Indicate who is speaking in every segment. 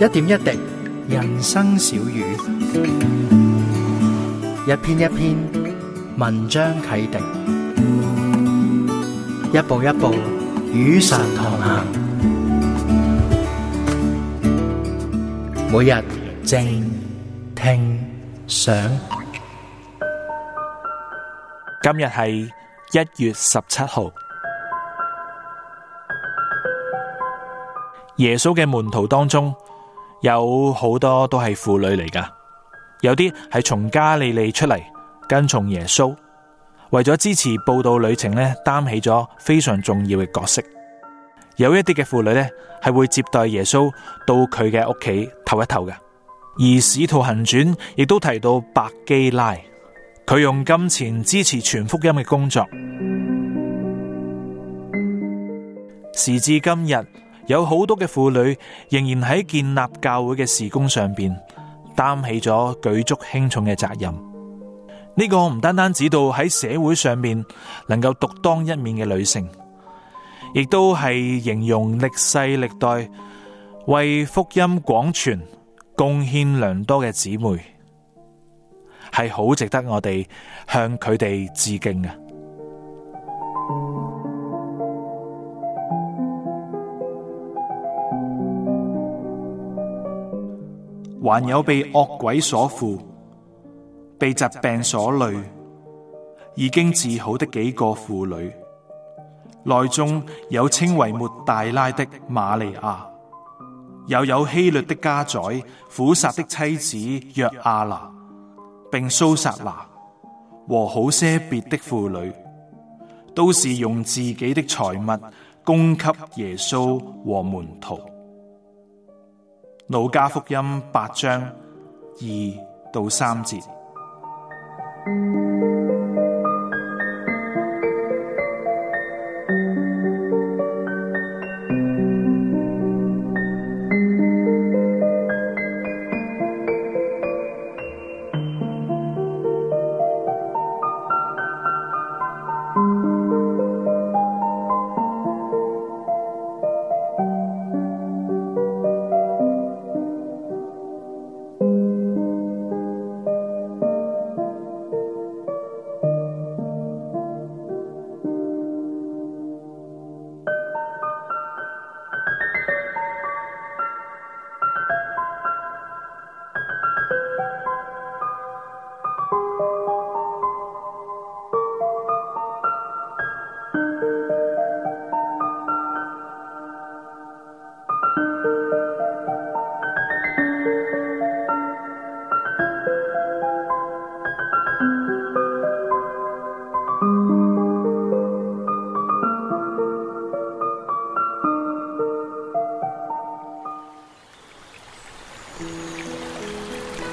Speaker 1: 一點一滴，人生小語；一篇一篇，文章啟迪；一步一步，雨傘同行。每日靜聽想，今日係1月17號。耶穌嘅門徒當中，有好多都係婦女嚟噶，有啲係從加利利出嚟跟從耶穌，為咗支持報道旅程呢，擔起咗非常重要嘅角色。有一啲嘅婦女呢，係會接待耶穌到佢嘅屋企唞一唞噶。而使徒行傳亦都提到白基拉，佢用金錢支持傳福音嘅工作。時至今日。有好多嘅婦女仍然喺建立教會嘅事工上邊擔起咗舉足輕重嘅責任。呢、這個唔單單指到喺社會上面能夠獨當一面嘅女性，亦都係形容歷世歷代為福音廣傳貢獻良多嘅姊妹，係好值得我哋向佢哋致敬啊！還有被惡鬼所附、被疾病所累、已經治好的幾個婦女，內中有稱為抹大拉的瑪利亞，又有，有希律的家宰苦撒的妻子約阿拿，並蘇撒拿和好些別的婦女，都是用自己的財物供給耶穌和門徒。路加福音八章二到三節。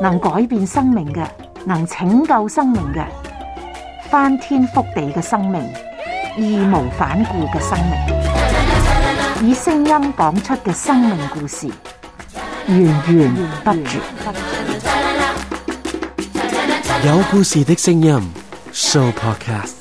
Speaker 1: 能改變生命嘅，能拯救生命嘅，翻天覆地嘅生命，義無反顧嘅生命，以聲音講出嘅生命故事，源源不絕。有故事的聲音 Sooo Podcast。